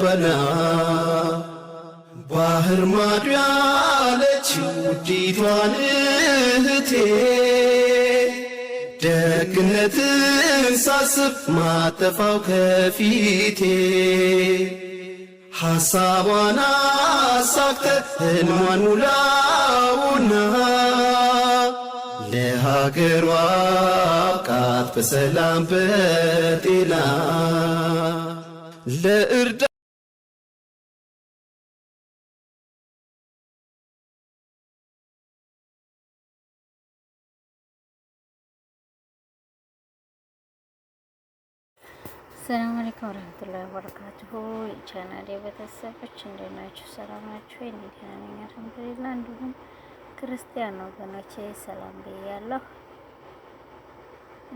ደፈና ባህር ማዶ ያለች ውዲቷን እህቴ ደግነትን ሳስብ ማጠፋው ከፊቴ ሐሳቧን አሳክተ ሕልሟን ሙላውና ለሀገሯ አብቃት በሰላም በጤና ለእርዳ ሰላም አለይኩም ወራህመቱላሂ ወበረካቱሁ ቻናል የቤተሰቦች እንዴት ናችሁ? ሰላም ናችሁ? እኔ ደህና ነኝ አልሐምዱሊላህ። እንዲሁም ክርስቲያን ወገኖቼ ሰላም ብያለሁ።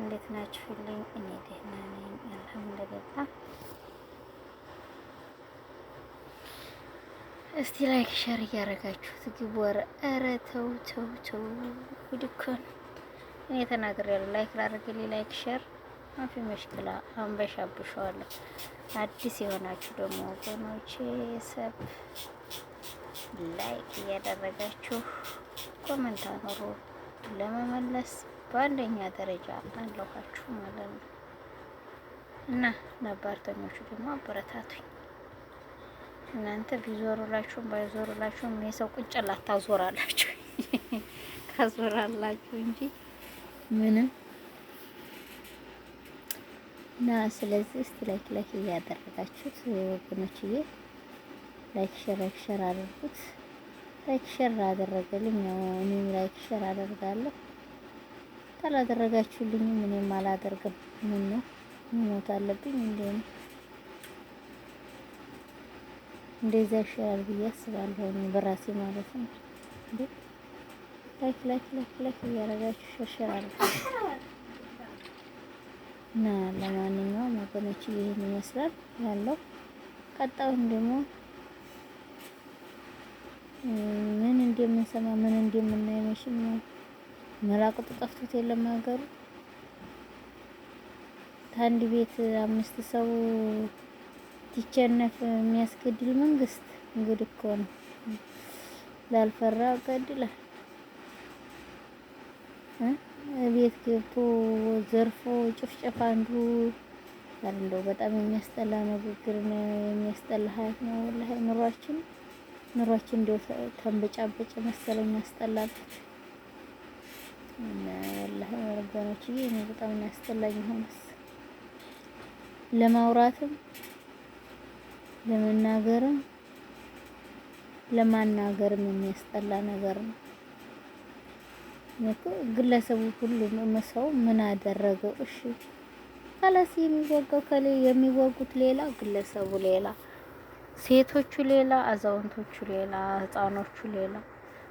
እንዴት ናችሁልኝ? እኔ ደህና ነኝ አልሐምዱሊላህ። እስቲ ላይክ ሸር እያደረጋችሁት ግቡ። ኧረ ኧረ ተው ተው ተው፣ እኮ ነው። እኔ ተናግሬያለሁ። ላይክ ላድርግልኝ፣ ላይክ ሸር አፊ መሽክላ አንበሻብሸዋለሁ። አዲስ የሆናችሁ ደግሞ ወገኖቼ ሰብ ላይክ እያደረጋችሁ ኮመንት አኑሮ ለመመለስ በአንደኛ ደረጃ አለኋችሁ ማለት ነው እና ነባርተኞቹ ደግሞ አበረታቱኝ። እናንተ ቢዞሩላችሁም ባይዞሩላችሁም የሰው ቁንጭላት ታዞራላችሁ ካዞራላችሁ እንጂ ምንም እና ስለዚህ እስቲ ላይክ ላይክ እያደረጋችሁት ወገኖችዬ ላይክ ሸር ላይክ ሸር አድርጉት። ላይክ ሸር አደረገልኝ ያው እኔም ላይክ ሸር አደርጋለሁ። ካላደረጋችሁልኝም እኔም አላደርግም። ምን ነው መሞት አለብኝ እንዴ? እንደዛ ይሻላል ብዬ አስባለሁ በራሴ ማለት ነው። ላይክ ላይክ ላይክ ላይክ እያደረጋችሁ ሸር ሸር አድርጉት። እና ለማንኛውም ወገኖች ይህን ይመስላል ያለው። ቀጣዩን ደግሞ ምን እንደምንሰማ ምን እንደምናይ መቼም መራቁጡ ጠፍቶት የለም ሀገሩ። ከአንድ ቤት አምስት ሰው ቲቸነፍ የሚያስገድል መንግስት እንግዲህ እኮ ነው ላልፈራ ገድላል። ቤት ገብቶ ዘርፎ ጭፍጨፍ አንዱ እንደው በጣም የሚያስጠላ ንግግር ነው፣ የሚያስጠላ ሀያት ነው። ወላሂ ኑሯችን ኑሯችን እንደው ተንበጫበጭ መሰለኝ ያስጠላበት እና ወላሂ ወርጋኖች ይሄ በጣም ያስጠላኝ። ሆነስ ለማውራትም ለመናገርም ለማናገርም የሚያስጠላ ነገር ነው። ግለሰቡ ሁሉ ሰው ምን አደረገው? እሺ ካላስ የሚወጋው ከሌ የሚወጉት ሌላ፣ ግለሰቡ ሌላ፣ ሴቶቹ ሌላ፣ አዛውንቶቹ ሌላ፣ ህፃኖቹ ሌላ።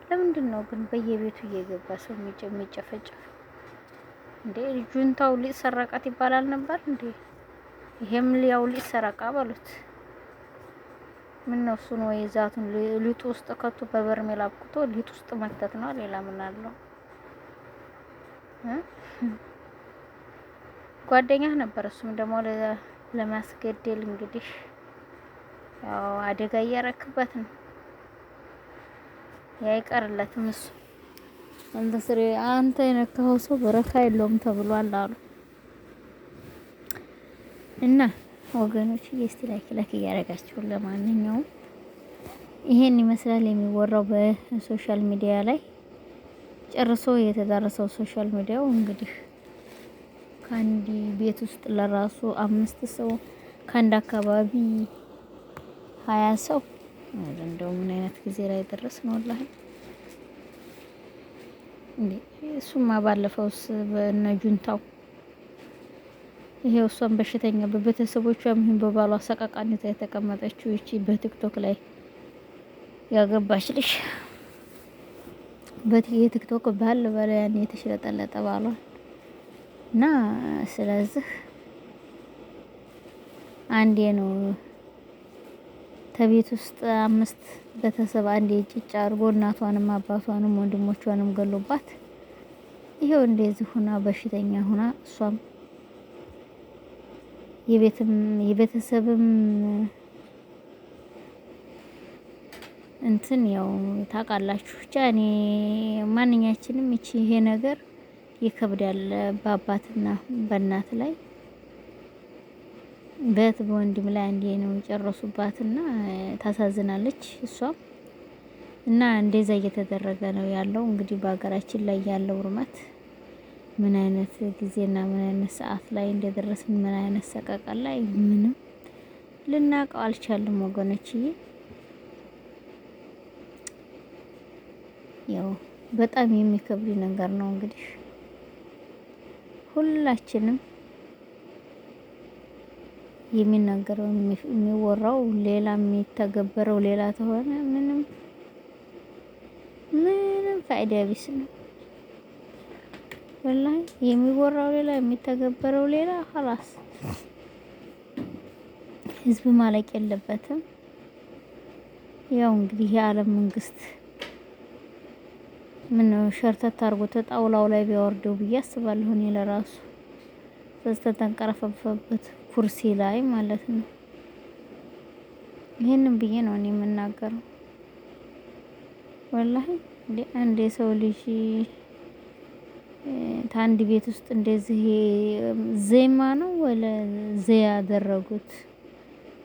ለምንድን ነው ግን በየቤቱ እየገባ ሰው የሚጨፈጨፍ እንዴ? ጁንታው ሊጥ ሰረቃት ይባላል ነበር እንዴ? ይሄም ሊያው ሊጥ ሰረቃ ባሉት ምን ነው ነው የዛቱን ሊጡ ውስጥ ከቶ በበርሜል አብኩቶ ሊጡ ውስጥ መክተት ነው። ሌላ ምን አለው? ጓደኛህ ነበር። እሱም ደግሞ ለማስገደል እንግዲህ ያው አደጋ እያረክበት ነው። ያይቀርለትም እሱ አንተ አንተ የነካኸው ሰው በረካ የለውም ተብሏል አሉ እና ወገኖች እስቲ ላይክ ላይክ እያደረጋችሁ ለማንኛውም ይሄን ይመስላል የሚወራው በሶሻል ሚዲያ ላይ ጨርሶ የተዳረሰው ሶሻል ሚዲያው እንግዲህ ከአንድ ቤት ውስጥ ለራሱ አምስት ሰው ከአንድ አካባቢ ሀያ ሰው እንደው ምን አይነት ጊዜ ላይ ደረስ ነው? ወላሂ እንዴ እሱማ ባለፈውስ በእነ ጁንታው ይሄው እሷን በሽተኛ በቤተሰቦቿ ይሁን በባሏ ሰቃቃኒታ የተቀመጠችው ይቺ በቲክቶክ ላይ ያገባች የቲክቶክ ባል በለ ያን የተሽለጠለጠ ባሏል እና ስለዚህ አንዴ ነው ከቤት ውስጥ አምስት ቤተሰብ አንዴ ጭጭ አድርጎ እናቷንም አባቷንም ወንድሞቿንም ገሎባት ይሄው እንደዚህ ሁና በሽተኛ ሁና እሷም የቤተሰብም እንትን ያው ታውቃላችሁ ብቻ እኔ ማንኛችንም እቺ ይሄ ነገር ይከብዳል። በአባትና በእናት ላይ በት በወንድም ላይ አንዴ ነው የጨረሱባትና ታሳዝናለች እሷም እና እንደዛ እየተደረገ ነው ያለው። እንግዲህ በሀገራችን ላይ ያለው እርመት ምን አይነት ጊዜና ምን አይነት ሰዓት ላይ እንደደረስን ምን አይነት ሰቀቀን ላይ ምንም ልናውቀው አልቻልም ወገኖችዬ። ያው በጣም የሚከብድ ነገር ነው። እንግዲህ ሁላችንም የሚነገረው የሚወራው ሌላ የሚተገበረው ሌላ ተሆነ ምንም ምንም ፋይዳ ቢስ ነው። ወላሂ የሚወራው ሌላ የሚተገበረው ሌላ ሀላስ ህዝብ ማለቅ የለበትም። ያው እንግዲህ የዓለም መንግስት ምን ሸርተት አድርጎት ጣውላው ላይ ቢያወርደው ብዬ አስባለሁ። እኔ ለራሱ በስተተንቀረፈፈበት ኩርሲ ላይ ማለት ነው። ይህንን ብዬ ነው እኔ የምናገረው። ወላሂ እንደ አንድ የሰው ልጅ ታንድ ቤት ውስጥ እንደዚህ ዜማ ነው ወለ ዘያ ያደረጉት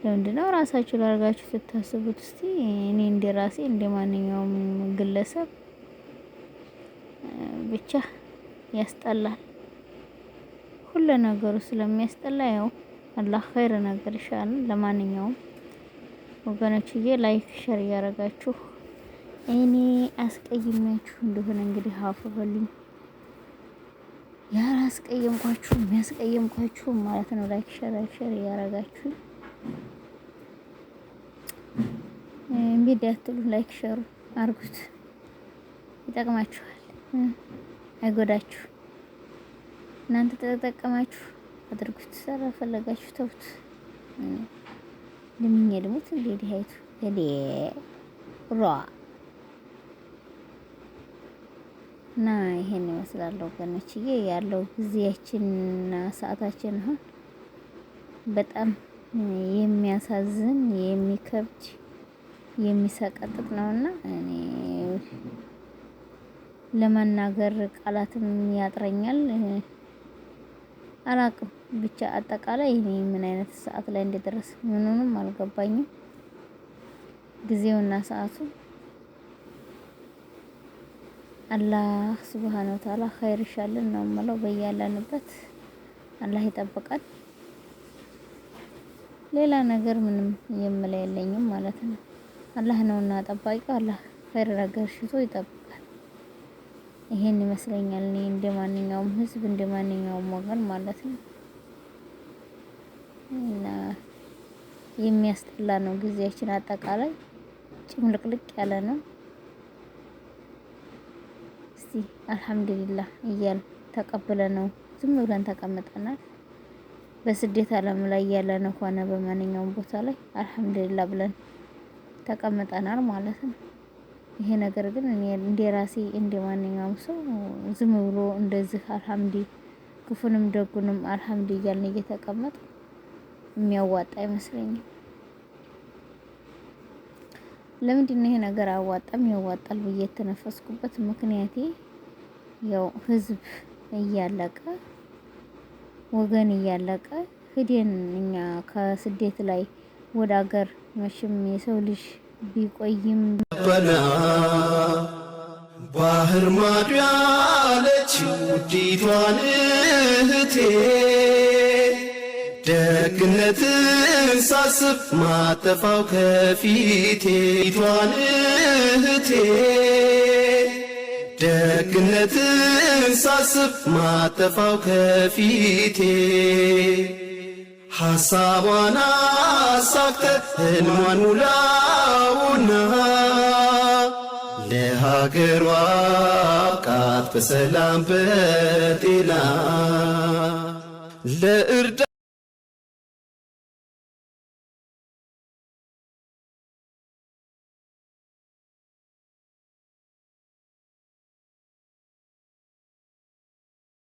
ለምንድነው? ራሳችሁ ላርጋችሁ ስታስቡት እስቲ እኔ እንደ ራሴ እንደ ማንኛውም ግለሰብ ብቻ ያስጠላል። ሁሉ ነገሩ ስለሚያስጠላ ያው አላህ ኸይር ነገር ይሻል። ለማንኛውም ወገኖችዬ ላይክ ሸር እያደረጋችሁ እኔ አስቀይሜያችሁ እንደሆነ እንግዲህ አፉ በሉኝ። ያላስቀየምኳችሁ የሚያስቀየምኳችሁ ማለት ነው። ላይክ ሸር ላይክ ሸር እያደረጋችሁ እንግዲህ አትሉ ላይክ ሸሩ አርጉት፣ ይጠቅማችኋል። አይጎዳችሁ። እናንተ ተጠቀማችሁ አድርጉት፣ ሰራ ፈለጋችሁ ተውት። ልምኛ ድሙት ትንዴ ዲሃይቱ ለዴ ሯ እና ይሄን ይመስላል ወገኖችዬ፣ ያለው ጊዜያችንና ሰዓታችን አሁን በጣም የሚያሳዝን የሚከብድ የሚሰቀጥጥ ነውና እኔ ለመናገር ቃላትም ያጥረኛል። አላቅም ብቻ አጠቃላይ እኔ ምን አይነት ሰዓት ላይ እንደደረስ ምኑንም አልገባኝም። ጊዜውና ሰዓቱ አላህ ሱብሃነ ወተዓላ ኸይር ይሻልን ነው የምለው። በያለንበት አላህ ይጠብቃል። ሌላ ነገር ምንም የምለው የለኝም ማለት ነው። አላህ ነውና ጠባቂው። አላህ ኸይር ነገር ሽቶ ይጠብቃል። ይሄን ይመስለኛል። እኔ እንደ ማንኛውም ህዝብ እንደ ማንኛውም ወገን ማለት ነው እና የሚያስጠላ ነው። ጊዜያችን አጠቃላይ ጭምልቅልቅ ያለ ነው። እስቲ አልሐምዱሊላህ እያል ተቀብለ ነው ዝም ብለን ተቀምጠናል። በስደት ዓለም ላይ ያለ ነው ሆነ በማንኛውም ቦታ ላይ አልሐምዱሊላህ ብለን ተቀምጠናል ማለት ነው። ይሄ ነገር ግን እኔ እንደ ራሴ እንደ ማንኛውም ሰው ዝም ብሎ እንደዚህ አልሐምዲ ክፉንም ደጉንም አልሐምዲ እያልን እየተቀመጥ የሚያዋጣ አይመስለኝም። ለምንድን ነው ይሄ ነገር አዋጣም ያዋጣል ብዬ የተነፈስኩበት ምክንያቴ ያው ህዝብ እያለቀ ወገን እያለቀ ሂደን እኛ ከስደት ላይ ወደ አገር መቼም የሰው ልጅ ቢቆይም በና ባህር ማዶ ያለች ውዲቷን እህቴ ደግነትን ሳስብ ማጠፋው ከፊቴ ቷን እህቴ ደግነትን ሳስብ ማጠፋው ከፊቴ ሐሳቧን አሳክተህ ሕልሟን ሙላውና ለሀገሯ አብቃት በሰላም በጤና ለእርዳ